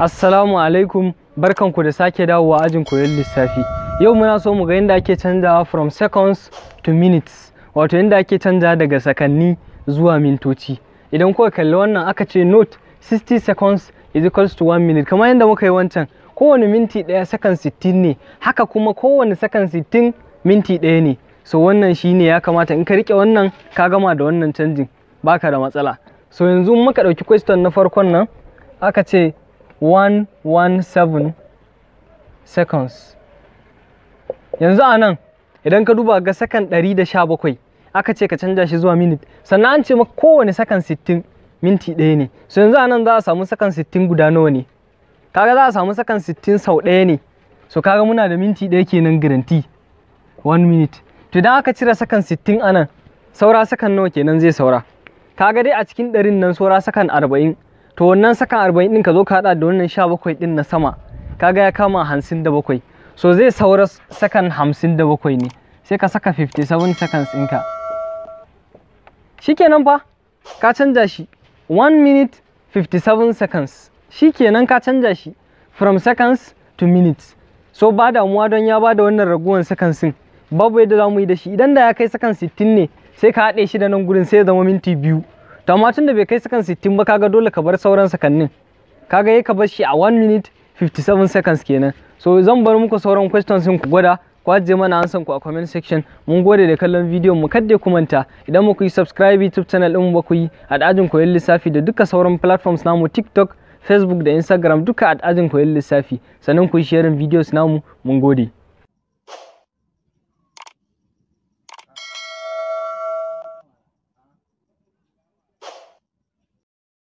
Assalamu alaikum barkanku da sake dawowa ajin koyon lissafi. Yau muna so mu ga yadda ake canzawa from seconds to minutes, wato yadda ake canza daga sakanni zuwa mintoci. Idan kuka kalli wannan aka ce note 60 seconds is equals to 1 minute kamar yadda muka yi wancan. Kowane minti ɗaya sakan 60 ne, haka kuma kowane sakan 60 minti ɗaya ne. So wannan shine ya kamata in ka rike wannan ka gama da wannan canjin baka da matsala. So yanzu muka ɗauki question na farkon nan aka ce 117 seconds yanzu a nan idan ka duba ga sakan 117 aka ce ka canja shi zuwa minute sannan an ce maka kowane sakan 60 minti ɗaya ne so yanzu a nan za a samu sakan 60 guda nawa ne kaga za a samu sakan 60 sau ɗaya ne so kaga muna da minti ɗaya kenan garanti 1 minute to idan aka cire sakan 60 a nan saura sakan nawa kenan zai saura kaga dai a cikin ɗarin nan saura sakan 40 to wannan saka 40 din ka zo ka hada da wannan 17 din na sama kaga ya kama 57 so zai saura sakan 57 ne sai ka saka 57 seconds ɗinka shikenan fa ka canja shi 1 minute 57 seconds shikenan ka canja shi from seconds to minutes so ba damuwa don ya bada wannan raguwan seconds din babu yadda za mu yi da shi idan da ya kai seconds 60 ne sai ka haɗe shi da nan gurin sai ya zama minti biyu to tun da bai kai sakan 60 ba kaga dole ka bar sauran sakannin kaga yayi ka bar shi a 1 minute 57 seconds kenan so zan bar muku sauran questions ku gwada ku ajiye mana answer ku a comment section mun gode da kallon bidiyon mu kadde ku manta idan muku yi subscribe youtube channel din ba ku yi alajin koyon lissafi da duka sauran platforms namu tiktok facebook da instagram duka alajin koyon lissafi sannan ku yi sharing videos namu mun gode